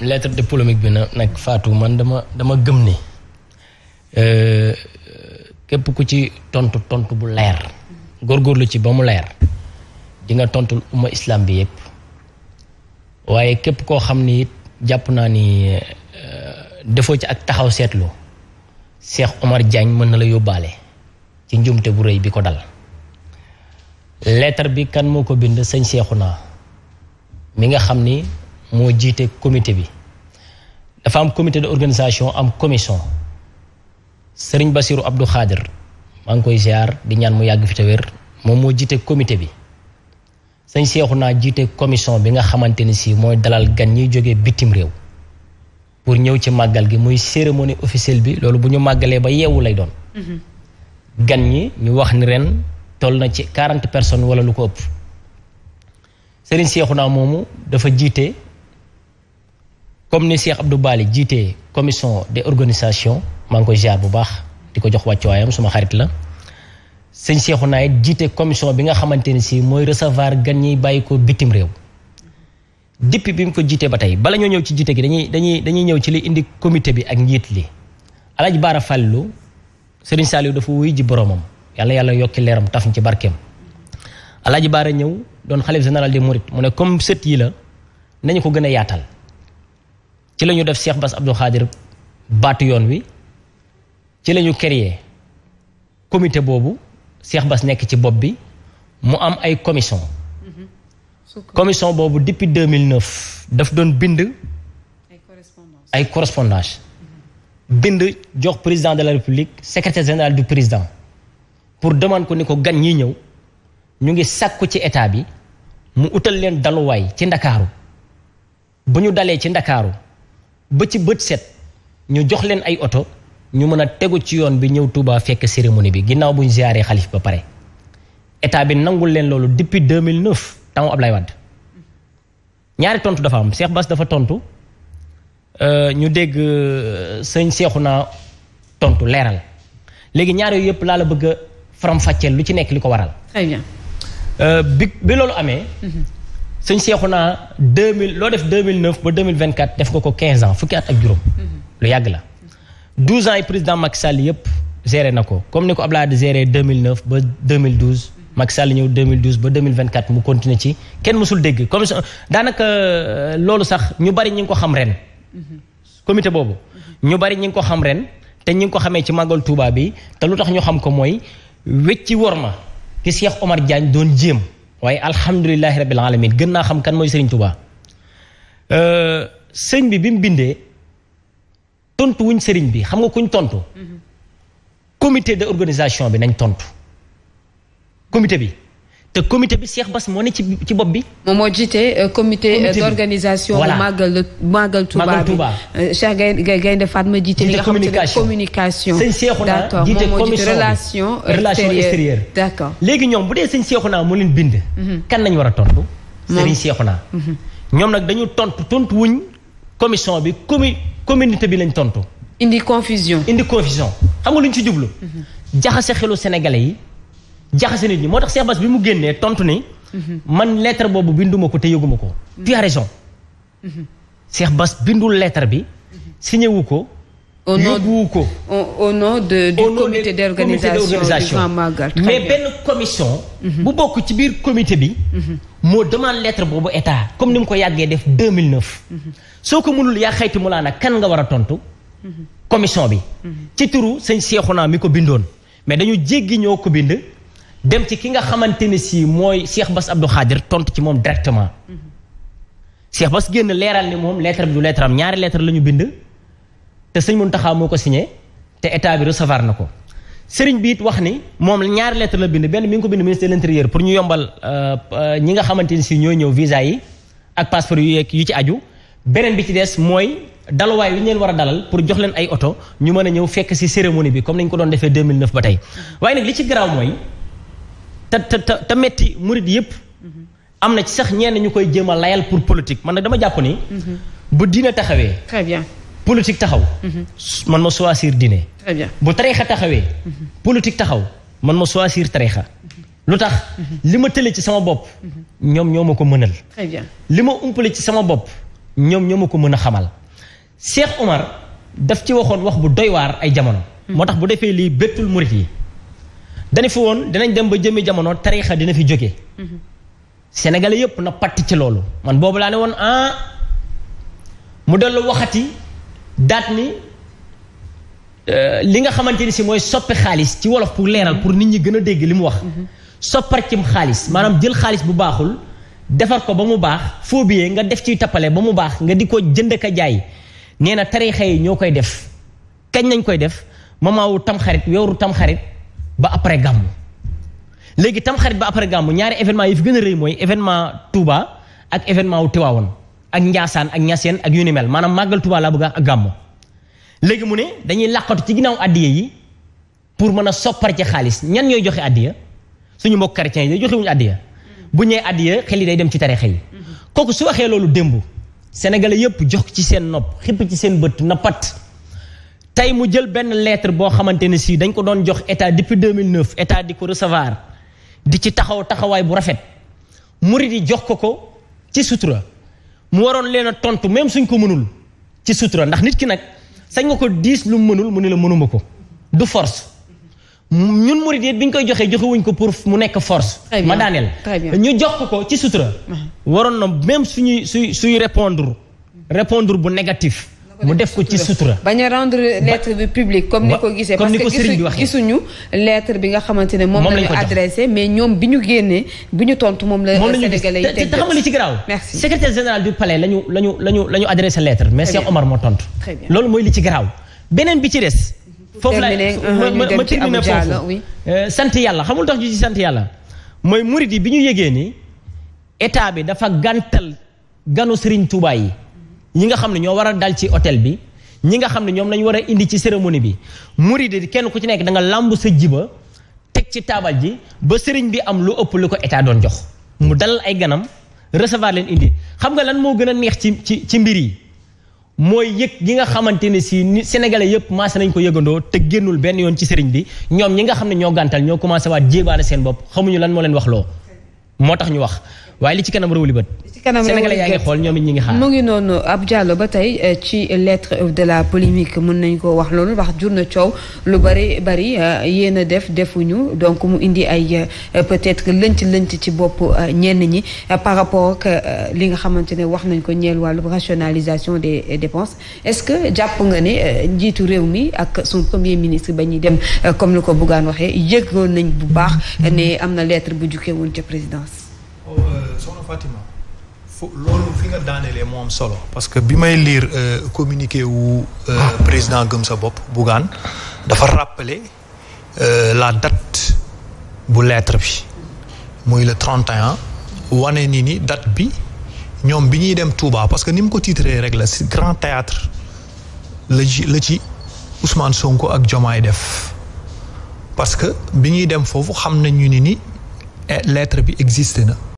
lettre de polémique bi na nag Fatou man dama dama gëm ni euh, képp ku ci tontu tontu bu leer góorgóorlu ci ba mu leer dinga nga tontul umma islam bi yépp waaye képp koo xam ni it jàpp naa ni euh, defoo ci ak taxaw seetlu Cheikh Omar Diagne mën na la yóbbaale ci njumte bu rëy bi ko dal lettre bi kan moo ko bind sëñ Cheikhouna mi nga xam ni moo jiite comité bi dafa am comité de organisation am commission Serigne Bassirou Abdou Khadir maa ngi koy ziar di ñaan mu yàgg fi te wér moom moo jiite comité bi sëñ seexu naa jiite commission bi nga xamante ni si mooy dalal gan ñiy jógee bitim réew pour ñëw ci màggal gi muy cérémonie officielle bi loolu bu ñu màggalee ba yeewu lay doon mhm. gan ñi ñu wax ni ren toll na ci quarante personnes wala lu ko ëpp sëriñ seexu naa moomu dafa jiite comme ni Cheikh Abdou Bali jiitee commission des organisations maa ngi koy ziar bu baax di ko jox wàcc waayam suma xarit la sëñ Cheikhou Naye jiite commission bi nga xamante ne si mooy recevoir gan ñiy bàyyi ko bitim réew depuis bi mu ko jiitee ba tey bala ñoo ñëw ci jiite gi dañuy dañuy dañuy ñëw ci li indi comité bi ak njiit li Alaaji Baara Fàllu Sëriñ Saaliw dafa wuy ji boromam yàlla yàlla yokki leeram taf ci barkeem Alaaji Baara ñëw doon xalif général des Mourides mu ne comme sët la nañu ko gën a yaatal ci la ñu def Cheikh Bass Abdou Khadir baatu yoon wi ci lañu ñu créer comité boobu Cheikh Bass nekk ci bopp bi mu am ay commission commission boobu depuis 2009 daf doon bind ay correspondance bind jox président de la république secrétaire général du président pour demande ko ni ko gan ñi ñëw ñu ngi sàkku ci état bi mu utal leen daluwaay ci ndakaaru bu ñu dalee ci ndakaaru ba bët set ñu jox leen ay oto ñu mën a tegu ci yoon bi ñëw Touba fekk cérémonie bi ginnaaw buñ ñu ziaree xalif ba pare état bi nangul leen loolu depuis 2009 temps Ablaye Wade ñaari tontu dafa am seex Bass dafa tontu euh, ñu dégg euh, sëñ Seexu na tontu leeral léegi ñaar yooyu yëpp laa la bëgg faram fàcceel lu ci nekk li ko waral. Euh, bi bi loolu amee. Mm-hmm. sëñ Seexuna 2000 loo def 2009 ba 2024 def nga ko 15 ans fukki at ak juróom. Mhm. lu yàgg la 12 ans yi président Macky Sall yëpp géré na ko comme ni ko Abdoulaye di géré 2009 ba 2012. Mhm. Macky Sall ñëw 2012 ba 2024 mu continuer ci kenn mësul dégg comme daanaka euh, loolu sax ñu bari ñi ngi ko xam ren. Mhm. comité boobu. ñu bari ñi ngi ko xam ren te ñi ngi ko xamee ci màggool Touba bi te lu tax ñu xam ko mooy wecci worma ki Cheikh Omar jaañ doon jéem. waaye alhamdulilahi rabil alamin gën naa xam kan mooy sëriñ tubaa euh, sëñ bi bi mu bindee tontu wuñ sëriñ bi xam nga kuñ tontu mhm. comité organisation bi nañ tontu comité bi te commité bi Cheikh Bass moo ne ci ci bopp bi. moom moo jiite euh, comité euh, d'organisation. voilà màggal màggal Touba bi euh, Cheikh Gaye Gaynde Fatma jiite li nga xamante ne communication. sëñ Cheikhouna jiite commission relation extérieure d'accord léegi ñoom bu dee sëñ Cheikhouna moo leen bind. Mhm. kan lañ war a tontu. sëriñ Cheikhouna. Mhm. ñoom nag dañu tontu tontu wuñ commission bi commu communauté bi lañ tontu. indi confusion indi confusion xam nga lu ñu ci jublu. Mhm. jaxase xelu Sénégalais yi. jaxase nit ñi moo tax Cheikh Bass bi mu génnee tontu ni. Mhm. man lettre boobu binduma ko te yëguma ko. tu as raison. Mhm. Cheikh Bass bindul lettre bi. Mhm. si wu ko. au nom ko. au nom de du comité d' organisation mais benn commission. bu bokk ci biir comité bi. moo demande lettre boobu état comme ni mu ko yàggee def 2009. soo ko mënul yaa xayti mu laa nag kan nga war a tontu. commission bi. ci turu sëñ Seexuna mi ko bindoon mais dañu jéggi ñoo ko bind. dem ci ki nga xamante ni sii mooy Cheikh Bass Abdou Khadir tontu ci moom directement. Cheikh Bass génn leeral ni moom lettre bi du lettre am ñaari lettre la ñu bind. te sëñ Mountakha moo ko signé te état bi recevoir na ko sëriñ bi it wax ni moom ñaari lettre la bind benn mi ngi ko bind ministre de l'intérieur pour ñu yombal euh, ñi nga xamante ni sii ñoo ñëw visa yi ak passeport yu yeeg yu ci aju. beneen bi ci des mooy daluwaay wi ñu leen a dalal pour jox leen ay oto ñu mën a ñëw fekk si cérémonie bi comme nañ ko doon defee 2009 te te te metti murit yëpp am na ci sax ñenn ñu koy jéem a layal pour politique man na dama jàpp ni mhm. bu diine taxawee très bien taxaw mhm. man ma choisir diine très bien bu tarixa taxawee mhm. politique taxaw man ma choisir tarixa lu tax li ma tële ci sama bopp ñoom ñoo ma ko mënal très bien li ma umpale ci sama bopp ñoom ñoo ma ko mën a xamal Cheikh Omar daf ci waxoon wax bu doy ay jamono moo tax bu defee lii bettul murit yi dañu fi woon danañ dem ba jëmmi jamono tariixa dina fi jóge mhm. sénégalais yëpp na patt ci loolu man boobu laa ne woon ah mu dellu waxati daat ni euh, li nga xamante ni si mooy soppi xaalis ci wolof pour leeral pour nit ñi gën a dégg li mu wax mhm. soppar cim xaalis maanaam jël xaalis bu baaxul defar ko ba mu baax faux nga def ci tappale ba mu baax nga di ko jënd ka jaay nee na tariixa yi ñoo koy def kañ nañ koy def moment wu tamxarit weeru tamxarit ba après gàmmu léegi tamxarit ba après gàmmu ñaari événement yi fi gën a rëy mooy événement Touba ak événement wu Tiwaawoon ak Njaasaan ak Ñaseen ak yu ni mel maanaam màggal Touba laa bëgg ak gàmmu léegi mu ne dañuy làqatu ci ginnaaw addiya yi pour mën a soppar ci xaalis ñan ñooy joxe addiya suñu mbokk chrétiens yi joxe wuñu addiya bu ñëwee addiya xel yi day dem ci tarixa yi mm-hmm. kooku su waxee loolu démb sénégalais yëpp jox ci seen nopp xipp ci seen bët na tey mu jël benn lettre boo xamante ne si dañ ko doon jox état depuis 2009 état di ko recevoir di ci taxaw taxawaay bu rafet murid yi jox ko ko ci sutura mu waroon leen a tontu même suñ ko mënul ci sutura ndax nit ki nag sañ nga ko diis lu mënul mu ne la mënuma ko du force ñun murid yi bi ñu koy joxee joxewuñ ko pour mu nekk force. ma daaneel ñu jox ko ko ci sutura. waroon na même suñuy suy suy répondre répondre bu négatif. mu def ko ci sutura. bañ a rendre lettre bi publique comme ni ko gisee. comme ni ko sëriñ bi waxee parce que gisuñu lettre bi nga xamante ne moom lañu adressé mais ñoom bi ñu génnee bi ñu tontu moom la. Sénégalais yi teg te xam nga li ci garaaw. merci secrétaire général du palais lañu lañu lañu lañu adressé lettre. mais Cheikh Omar moo tontu. loolu mooy li ci garaaw beneen bi ci des. foofu la uh-huh, ma ma terminé foofu euh, sant yàlla xamul tax ju sant yàlla mooy murid yi bi ñu yëgee ni état bi dafa gàntal ganu Serigne tuubaay yi ñi nga xam ne ñoo war a dal ci hôtel bi ñi nga xam ne ñoom lañu war a indi ci cérémonie bi muride kenn ku ci nekk danga làmb sa jiba teg ci taabal ji ba sëriñ bi am lu ëpp lu ko état doon jox mu dalal ay ganam recevoir leen indi xam nga lan moo gën a neex ci ci ci mbir yi mooy yëg gi nga xamante ne si ni sénégalais yëpp maase nañ ko yëgandoo te génnul benn yoon ci sëriñ bi ñoom ñi nga xam ne ñoo gàntal ñoo commencé waat jéebaane seen bopp xamuñu lan moo leen wax loo moo tax ñu wax waaye li ci kanam réew li bët Sénégalais yaa ngi xool ñoom it ñi ngi xaar mu ngi noonu Abdou Diallo ba tey eh, ci lettre de la polémique mën nañ koo wax loolu wax jur na coow lu bari bari eh, yéen def defuñu donc mu indi ay eh, peut-être lënt lënt ci bopp ñenn ñi par rapport ak li nga xamante ne wax nañ ko ñeel wàllu rationalisation des dépenses est-ce que jàpp nga ne njiitu réew mi ak son premier ministre ba ñuy dem comme lu ko Bougane waxee yëgoon nañ bu baax ne am na lettre bu jukkee ca présidence soxna Fatima fo loolu fi nga daanelee moo solo parce que bi may lire euh, communiqué wu euh, ah. président gëm sa bopp Bougane dafa rappeler euh, la dat bu lettre bi muy le 31 wane ni ni dat bi ñoom bi ñuy dem Touba parce que ni mu ko titré rek la si grand théâtre la ci la ci Ousmane Sonko ak Jomaay def parce que bi ñuy dem foofu xam ñu ni ni eh, lettre bi existe na